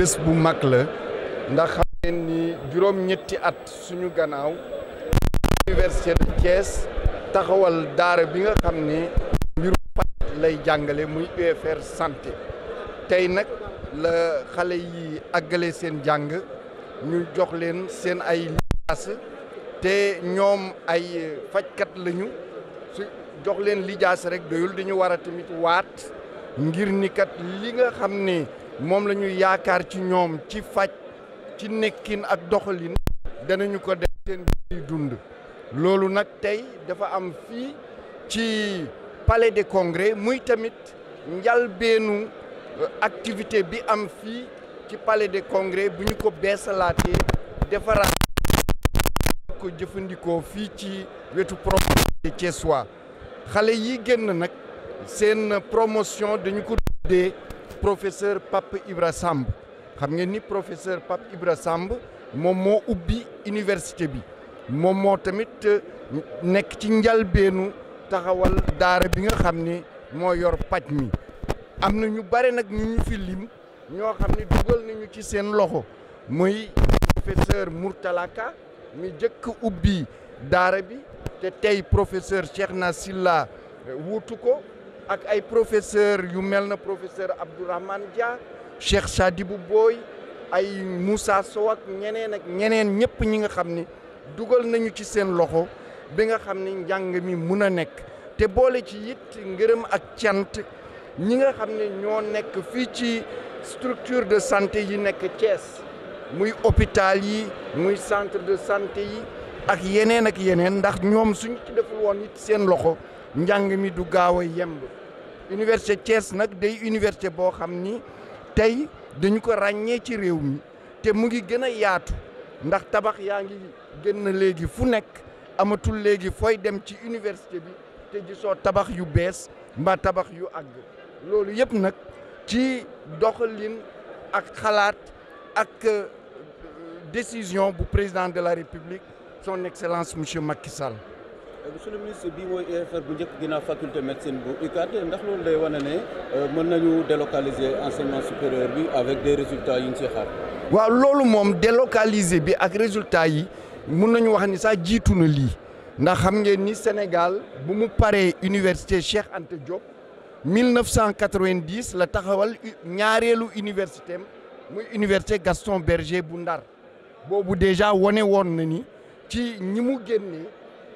bés bu mag la ndax xam ngeen ni juróom-ñetti at suñu gannaaw université de Thiès taxawal daara bi nga xam ni mbiru faj lay jàngale muy UFR santé tey nag la xale yi àggale seen jàng ñu jox leen seen ay lijaasa te ñoom ay fajkat lañu su jox leen lijaasa rek doyul dañu war a tamit waat ngir ni li nga xam ni moom la ñuy yaakaar ci ñoom ci faj ci nekkin ak doxalin danañu ko def seen biir dund loolu nag tey dafa am fii ci palais des congrès muy tamit njalbeenu euh, activité bi am fii ci palais de congrès bu ñu ko beesalaatee defaraat ko jëfandikoo fii ci wetu promotion Thiessois xale yi génn nag seen promotion dañu ko tuddee professeur Pape Ibra Samb xam ngeen ni professeur Pape Ibra Samb moom moo ubbi iniversité bi moom moo tamit euh, nekk ci njalbeenu taxawal daara bi nga xam ni moo yor paj mi am na ñu bare nag ñu ñu fi lim ñoo xam ne dugal nañu ci seen loxo muy professeur Mourtala Ka mi jëkk ubbi daara bi te tey professeur na Silla euh, wutu ko ak ay professeur yu mel na professeur Abdourahmane Dia Cheikh bu booy ay Moussa Sow ak ñeneen ak ñeneen ñëpp ñi nga xam ni dugal nañu ci seen loxo bi nga xam ne njàng mi mun a nekk te boole ci it ngërëm ak cant ñi nga xam ne ñoo nekk fii ci structure de santé yi nekk Thiès muy hôpital yi muy centre de santé yi ak yeneen ak yeneen ndax ñoom suñ ci deful woon it seen loxo njàng mi du gaaw a yemb université Thiès nag day université boo xam ni tey dañu ko ràññee ci réew mi te mu ngi gën a yaatu ndax tabax yaa ngi gën na léegi fu nekk amatul léegi fooy dem ci université bi te gisoo tabax yu bees mba tabax yu àgg loolu yëpp nag ci doxalin ak xalaat ak euh, décision bu président de la république son excellence monsieur Macky Sall. Euh, monsieur le ministre bii mooy UFR bu njëkk ginnaaw faculté médecine bu UCAD ndax loolu day wane ne euh, mën nañu délocaliser enseignement supérieur bi avec des résultats yu ñu si xaar. waaw loolu moom délocaliser bi ak résultats yi mun nañu wax ni sax jiitu na lii ndax xam ngeen ni Sénégal bu mu paree université Cheikh Anta Diop 1990 la taxawal ñaareelu université am muy université Gaston Berger bu Ndar boobu déjà wane woon na ni ci ñi mu génnee.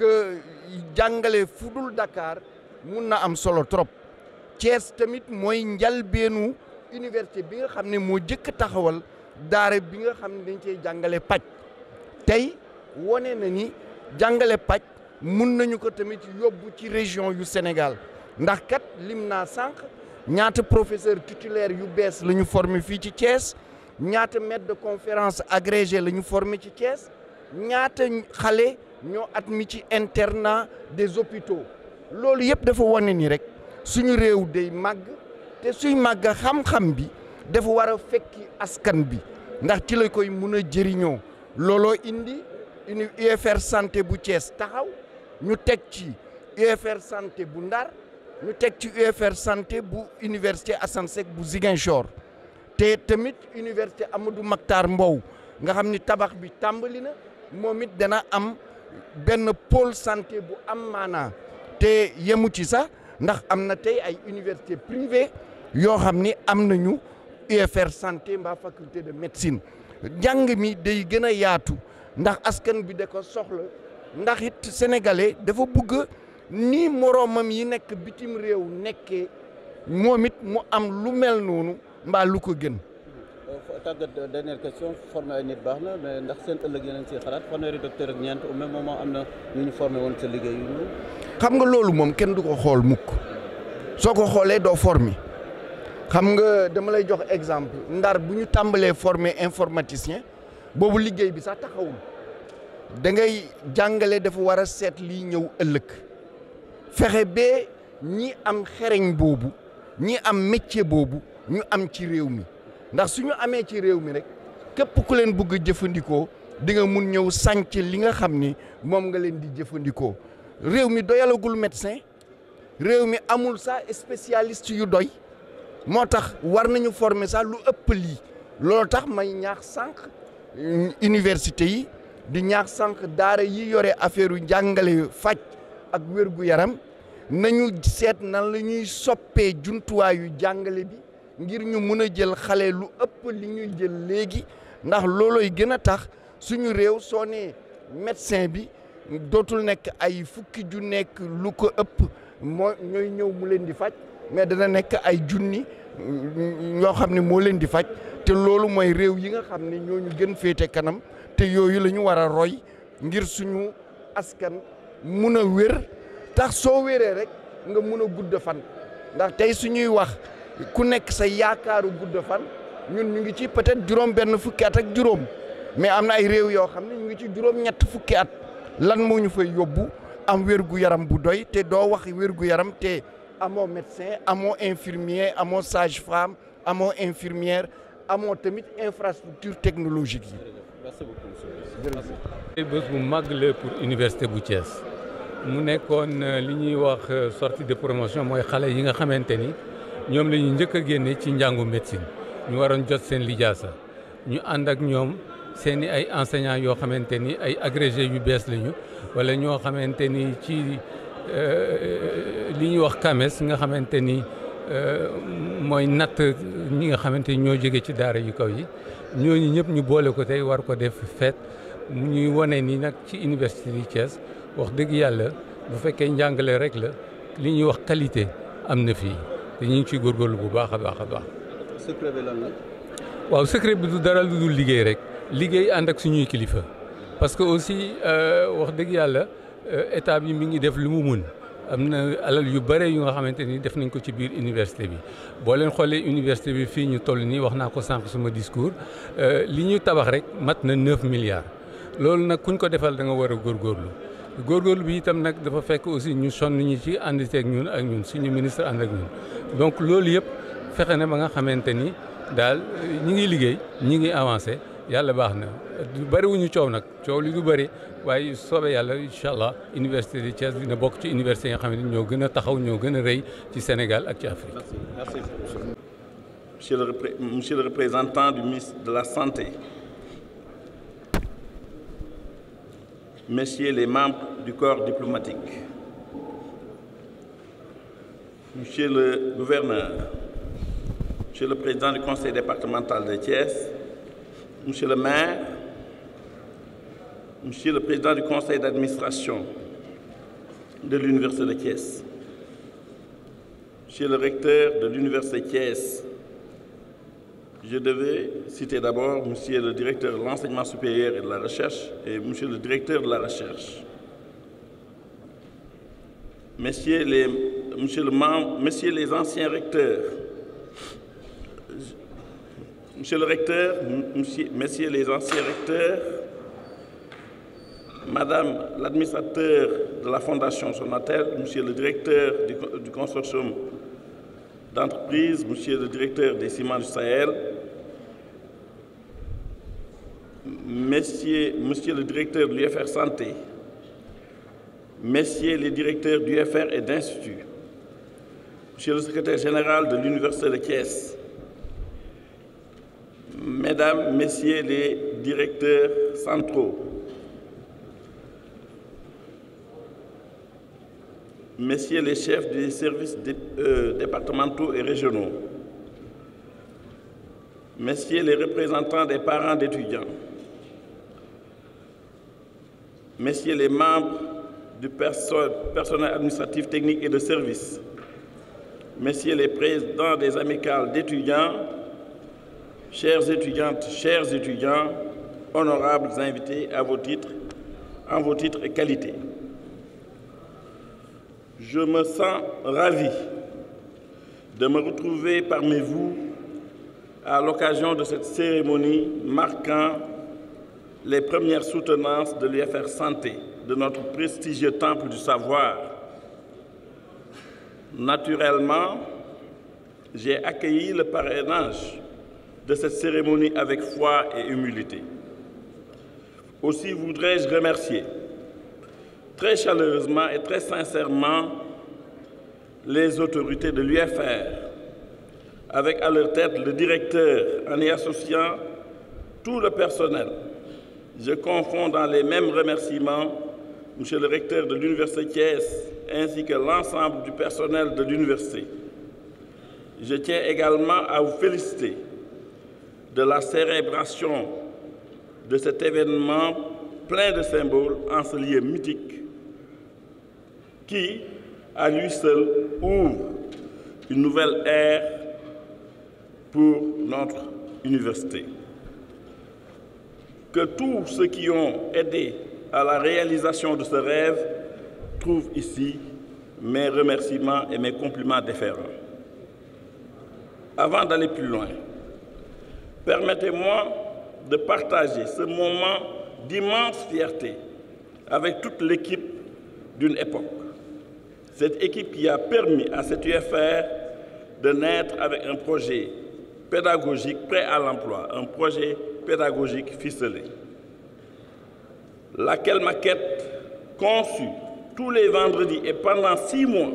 que jàngale fu dul mun na am solo trop cees tamit mooy njalbeenu université bi nga xam ne moo jëkk taxawal daare bi nga xam ne dañ cee jàngale paj tey wone na ni jàngale paj mun nañu ko tamit yóbbu ci région yu Sénégal ndax kat lim naa sànq ñaata professeur titulaire yu bees la ñu formé fii ci Thiès ñaata maître de conférence agrégé la ñu formé ci Thiès ñaata xale ñoo at mi ci internat des hôpitaux loolu yëpp dafa wane ni rek suñu réew day màgg te suy màgg xam-xam bi dafa war a fekki askan bi ndax ci la koy mun a jëriñoo looloo indi une UFR santé bu cees taxaw ñu teg ci UFR santé bu Ndar ñu teg ci UFR santé bu université Assane Seck bu Ziguinchor te tamit université Amadou Mahtar Mbow nga xam ni tabax bi tàmbali na moom it dana am benn pôle santé bu am maanaa te yemu ci sax ndax am na tey ay université privée yoo xam ni am nañu UFR santé mbaa faculté de médecine jàng mi day gën a yaatu ndax askan bi da ko soxla ndax it sénégalais dafa bëgg ni moroomam yi nekk bitim réew nekkee moom it mu am lu mel noonu mbaa lu ko gën tàggat dernière question formé ay nit baax na mais ndax seen ëllëg yeneen si xalaat fanweeri docteur ak ñeent au même moment am na ñu ñu formé woon sa liggéey xam nga loolu moom kenn du ko xool mukk soo ko xoolee doo formé xam nga dama lay jox exemple ndar bu ñu tàmbalee forme informaticien boobu liggéey bi sax taxawul da ngay jàngale dafa war a seet lii ñëw ëllëg fexe ba ñi am xereñ boobu ñi am métier boobu ñu am ci réew mi ndax su ñu amee ci réew mi rek képp ku leen bëgg jëfandikoo di nga mun ñëw sànc li nga xam ni moom nga leen di jëfandikoo réew mi doyalagul médecin réew mi amul sa spécialiste yu doy moo tax war nañu former sax lu ëpp lii loolu tax may ñaax sànq euh, université yi di ñaax sànq daara yi yore affaire yu njàngale faj ak wér yaram nañu seet nan lañuy ñuy soppee jumtuwaayu jàngale bi ngir ñu mun a jël xale lu ëpp li ñuy jël léegi ndax loolooy gën a tax suñu réew soo nee médecin bi dootul nekk ay fukki ju nekk lu ko ëpp moo ñooy ñëw mu leen di faj mais dina nekk ay junni ñoo xam ni moo leen di faj te loolu mooy réew yi nga xam ne ñooñu gën féete kanam te yooyu la ñu war a roy ngir suñu askan mun a wér tax soo wéree rek nga mun a gudd fan ndax tey ñuy wax ku nekk sa yaakaaru gudd fan ñun ñu ngi ci peut-être juróom benn fukki at ak juróom mais am na ay réew yoo xam ne ñu ngi ci juróom ñett fukki at lan moo ñu fay yóbbu am wér-gu-yaram bu doy te doo wax wér-gu-yaram te amoo médecin amoo infirmier amoo sage-femme amoo infirmière amoo tamit infrastructure technologique yi. jërëjëf bés bu mag la pour université bu Thiès mu nekk nekkoon euh, li ñuy wax euh, sortie de promotion mooy xale yi nga xamante ni. ñoom la ñu njëkk a génne ci njàngu médecine ñu waroon jot seen lijaasa ñu ànd ak ñoom seen i ay enseignants yoo xamante ni ay agrégé yu bees lañu wala ñoo xamante ni ci euh, li ñuy wax CAMES nga xamante ni euh, mooy natt ñi nga xamante ni ñoo jóge ci daara yu kaw yi ñooñu ñëpp ñu boole ko tey war ko def feet ñuy wane ni nag ci université yi Thiès wax dëgg yàlla bu fekkee njàngale rek la li ñuy wax qualité am na fii. te ñu ngi ciy góorlu bu baax a baax a baax. la. waaw secret bi du dara lu dul liggéey rek liggéey ànd ak suñuy kilifa parce que aussi euh, wax dëgg yàlla euh, état bi mi ngi def lu mu mun am na alal yu bare yu nga xamante ni def nañ ko ci biir université bi boo leen xoolee université bi fii ñu toll nii wax naa ko sànq suma discours euh, li ñuy tabax rek mat na 9 milliards loolu nag kuñ ko defal da nga war a góorgóorlu. góor góorgóorlu bi itam nag dafa fekk aussi ñu sonn ñu ci ànd ak ñun ak ñun suñu ministre ànd ak ñun donc loolu yëpp fexe na ba nga xamante ni daal ñi ngi liggéey ñi ngi avancé yàlla baax na du bëriwuñu coow nag coow li du bëri waaye soobee yàlla incha allah université de bi na bokk ci université yi nga xam ne ñoo gën a taxaw ñoo gën a rëy ci Sénégal ak ci Afrique. Merci, merci monsieur le, monsieur le représentant du ministre de la santé. messieurs les membres du corps diplomatique, monsieur le gouverneur, le président du conseil départemental de Thiès, monsieur le maire, monsieur le président du conseil d'administration de l'université de Thiès, monsieur le recteur de l'université de Thiès, Je devais citer d'abord Monsieur le directeur de l'enseignement supérieur et de la recherche et Monsieur le directeur de la recherche. les, monsieur le membre, messieurs les anciens recteurs, Monsieur le recteur, monsieur, messieurs les anciens recteurs, Madame l'administrateur de la Fondation Sonatel, Monsieur le directeur du, du consortium d'entreprise, Monsieur le directeur des ciments du Sahel, messieurs, monsieur le directeur de l'UFR Santé, messieurs les directeurs d'UFR et d'Institut, monsieur le secrétaire général de l'Université de Thiès, mesdames, messieurs les directeurs centraux, messieurs les chef des services euh, départementaux et régionaux, messieurs les représentants des parents d'étudiants, messieurs les membres du perso personnel administratif, technique et de service, messieurs les présidents des amicales d'étudiants, chères étudiantes, chers étudiants, honorables invités à vos en vos titres et qualités. Je me sens ravi de me retrouver parmi vous à l'occasion de cette cérémonie marquant les premières soutenances de l'UFR Santé, de notre prestigieux temple du savoir. Naturellement, j'ai accueilli le parrainage de cette cérémonie avec foi et humilité. Aussi voudrais-je remercier très chaleureusement et très sincèrement les autorités de l'UFR, avec à leur tête le directeur en y associant tout le personnel Je confonds dans les mêmes remerciements Monsieur le recteur de l'Université Thiès ainsi que l'ensemble du personnel de l'université. Je tiens également à vous féliciter de la célébration de cet événement plein de symboles en ce lieu mythique qui, à lui seul, ouvre une nouvelle ère pour notre université. que tous ceux qui ont aidé à la réalisation de ce rêve trouvent ici mes remerciements et mes compliments déférents. Avant d'aller plus loin, permettez-moi de partager ce moment d'immense fierté avec toute l'équipe d'une époque. Cette équipe qui a permis à cette UFR de naître avec un projet pédagogique prêt à l'emploi, un projet pédagogique ficelée. Laquelle maquette conçue tous les vendredis et pendant six mois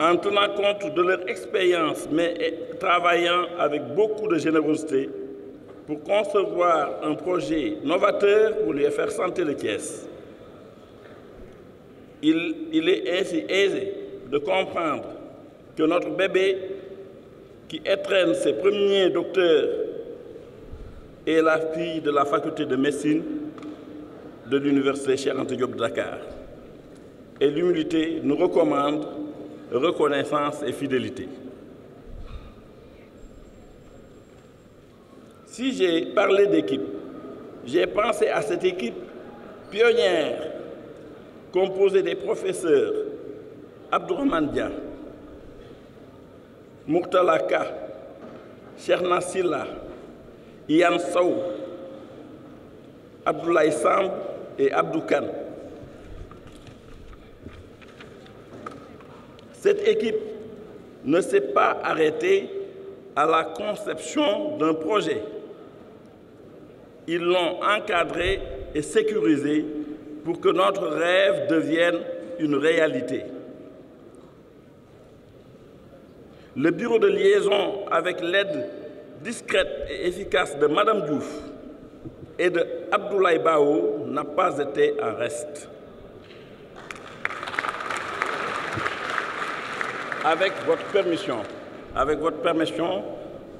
en tenant compte de leur expérience, mais travaillant avec beaucoup de générosité pour concevoir un projet novateur pour lui faire santé de caisse. il est ainsi aisé de comprendre que notre bébé qui étrenne ses premiers docteurs est la fille de la faculté de messine de l'université Cheikh Anta Diop de Dakar. Et l'humilité nous recommande reconnaissance et fidélité. Si j'ai parlé d'équipe, j'ai pensé à cette équipe pionnière composée des professeurs Abdourahmane Dia Murtala Ka Cheikhna Silla Yann Sow Abdoulaye Samb et Abdou Kane. Cette équipe ne s'est pas arrêtée à la conception d'un projet. Ils l'ont encadré et sécurisé pour que notre rêve devienne une réalité. le bureau de liaison avec l'aide discrète et efficace de Madame Diouf et de Abdoulaye Bao n'a pas été en reste. Avec votre permission, avec votre permission,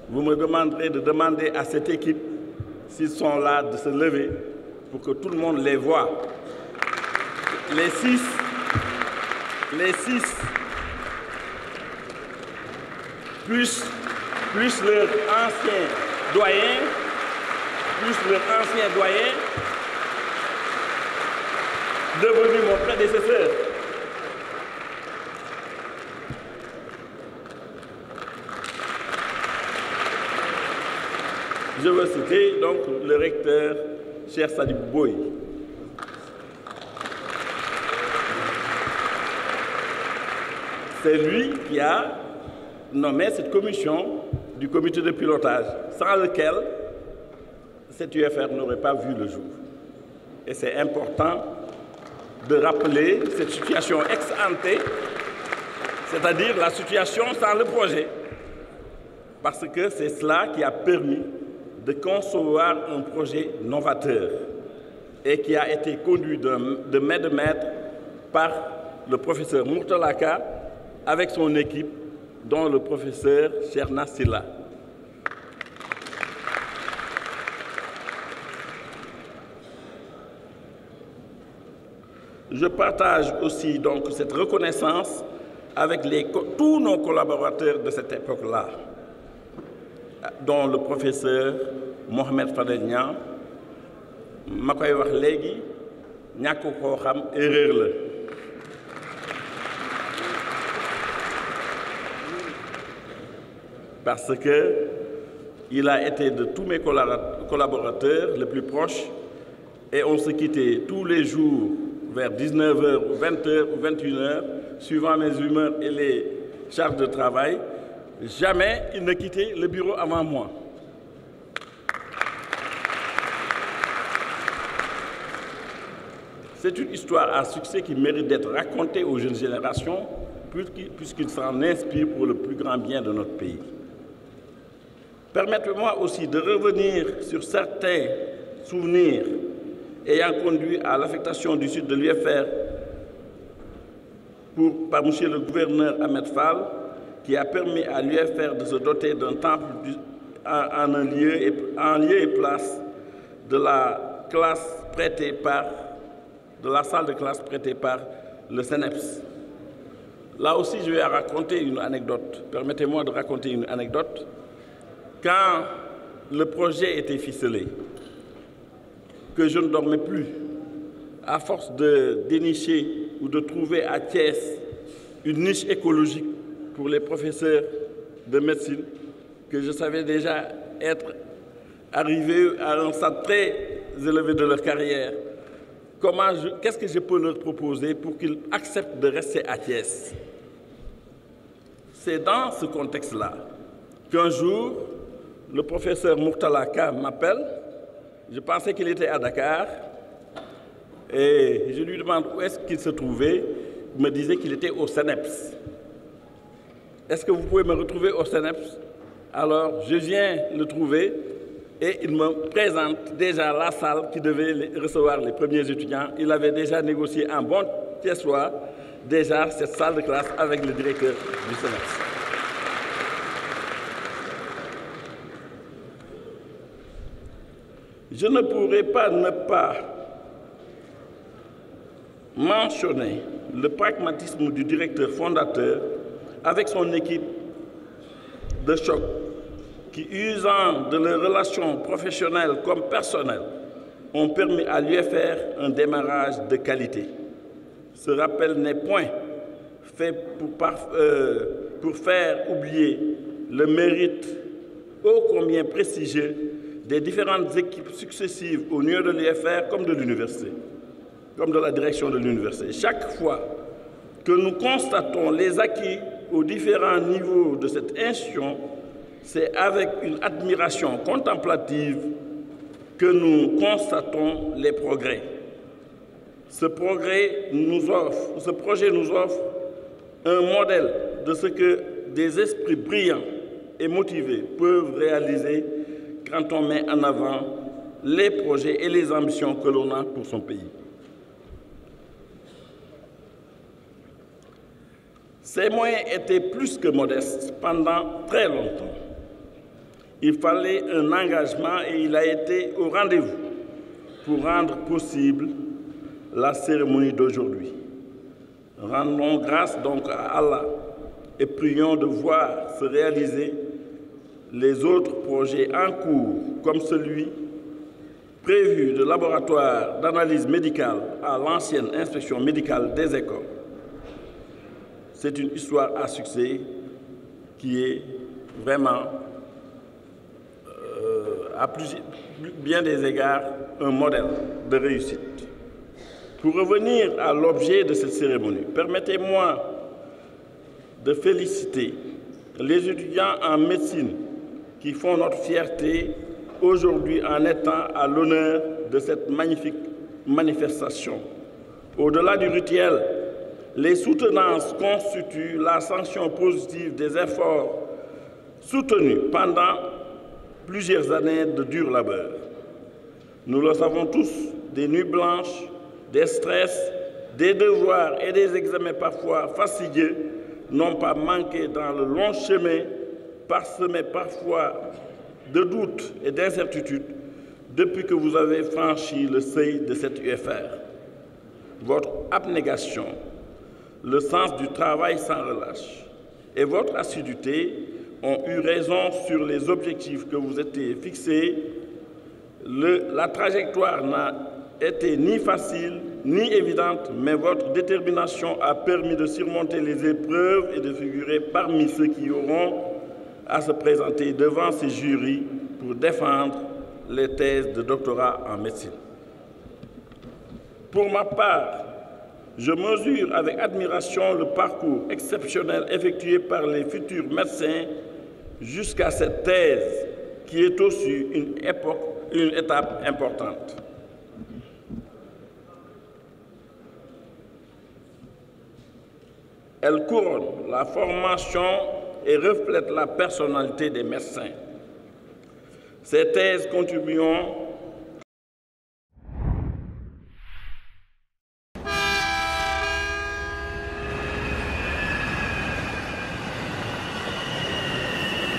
vous me demanderez de demander à cette équipe s'ils sont là de se lever pour que tout le monde les voit. Les six, les six plus, plus leur ancien doyen, plus leur ancien doyen, devenu mon prédécesseur. Je veux citer donc le recteur, cher Sadib Boy. C'est lui qui a nommer cette commission du comité de pilotage, sans lequel cette UFR n'aurait pas vu le jour. Et c'est important de rappeler cette situation ex ante, c'est-à-dire la situation sans le projet, parce que c'est cela qui a permis de concevoir un projet novateur et qui a été conduit de, mai de maître par le professeur Mourtalaka avec son équipe dont le professeur Cherna Silla. Je partage aussi donc cette reconnaissance avec les, tous nos collaborateurs de cette époque-là, dont le professeur Mohamed Fadegnan, ma koy wax léegi ñàkk koo xam la parce que il a été de tous mes collaborateurs le plus proche et on se quittait les jours vers 19h ou 20 suivant mes humeurs et les charges de travail. Jamais il ne quittait avant moi. C'est une histoire à succès qui mérite d'être racontée aux jeunes générations puisqu'il s'en inspire pour le plus grand bien de notre pays. Permettez-moi aussi de revenir sur certains souvenirs ayant conduit à l'affectation du sud de l'UFR par M. le gouverneur Ahmed Fall, qui a permis à l'UFR de se doter d'un temple du, en, lieu et, en place de la classe prêtée par de la salle de classe prêtée par le CNEPS. Là aussi, je vais raconter une anecdote. Permettez-moi de raconter une anecdote. quand le projet était ficelé, que je ne dormais plus, à force de dénicher ou de trouver à Thiès une niche écologique pour les professeurs de médecine, que je savais déjà être arrivé à un stade très élevé de leur carrière. Comment qu'est-ce que je peux leur proposer pour qu'ils acceptent de rester à Thiès C'est dans ce contexte-là qu'un jour, le professeur Murtala Ka m'appelle. Je pensais qu'il était à Dakar. Et je lui demande où est-ce qu'il se trouvait. me disait qu'il était au CENEPS. Est-ce que vous pouvez me retrouver au CENEPS Alors, je viens le trouver et il me présente déjà la salle qui devait les recevoir les premiers étudiants. Il avait déjà négocié un bon soir déjà cette salle de classe avec le directeur du CENEPS. je ne pourrais pas ne pas mentionner le pragmatisme du directeur fondateur avec son équipe de choc qui, usant de leurs relations professionnelles comme personnelles, ont permis à l'UFR un démarrage de qualité. Ce rappel n'est point fait pour, euh, pour faire oublier le mérite ô combien prestigieux des différentes équipes successives au niveau de l'UFR comme de l'université, comme de la direction de l'université. Chaque fois que nous constatons les acquis aux différents niveaux de cette institution, c'est avec une admiration contemplative que nous constatons les progrès. Ce, progrès nous offre, ce projet nous offre un modèle de ce que des esprits brillants et motivés peuvent réaliser quand on en avant les projets et les ambitions que l'on a pour son pays. Ces moyens étaient plus que modestes pendant très longtemps. Il fallait un engagement et il a été au rendez-vous pour rendre possible la cérémonie d'aujourd'hui. Rendons grâce donc à Allah et prions de voir se réaliser les autres projets en cours, comme celui prévu de laboratoire d'analyse médicale à l'ancienne inspection médicale des écoles. C'est une histoire à succès qui est vraiment, euh, à plus, bien des égards, un modèle de réussite. Pour revenir à l'objet de cette cérémonie, permettez-moi de féliciter les étudiants en médecine qui font notre fierté aujourd'hui en étant à l'honneur de cette magnifique manifestation. Au-delà du rituel, les soutenances constituent la sanction positive des efforts soutenus pendant plusieurs années de dur labeur. Nous le savons tous, des nuits blanches, des stress, des devoirs et des examens parfois fastidieux n'ont pas manqué dans le long chemin parsemé parfois de doutes et d'incertitudes depuis que vous avez franchi le seuil de cette UFR. Votre abnégation, le sens du travail sans relâche et votre assiduité ont eu raison sur les objectifs que vous étiez fixés. Le, la trajectoire n'a été ni facile ni évidente, mais votre détermination a permis de surmonter les épreuves et de figurer parmi ceux qui auront à se présenter devant ces jurys pour défendre les thèses de doctorat en médecine. Pour ma part, je mesure avec admiration le parcours exceptionnel effectué par les futurs médecins jusqu'à cette thèse qui est aussi une étape importante. Elle couronne la formation et reflète la personnalité des médecins. Ces thèses contribuant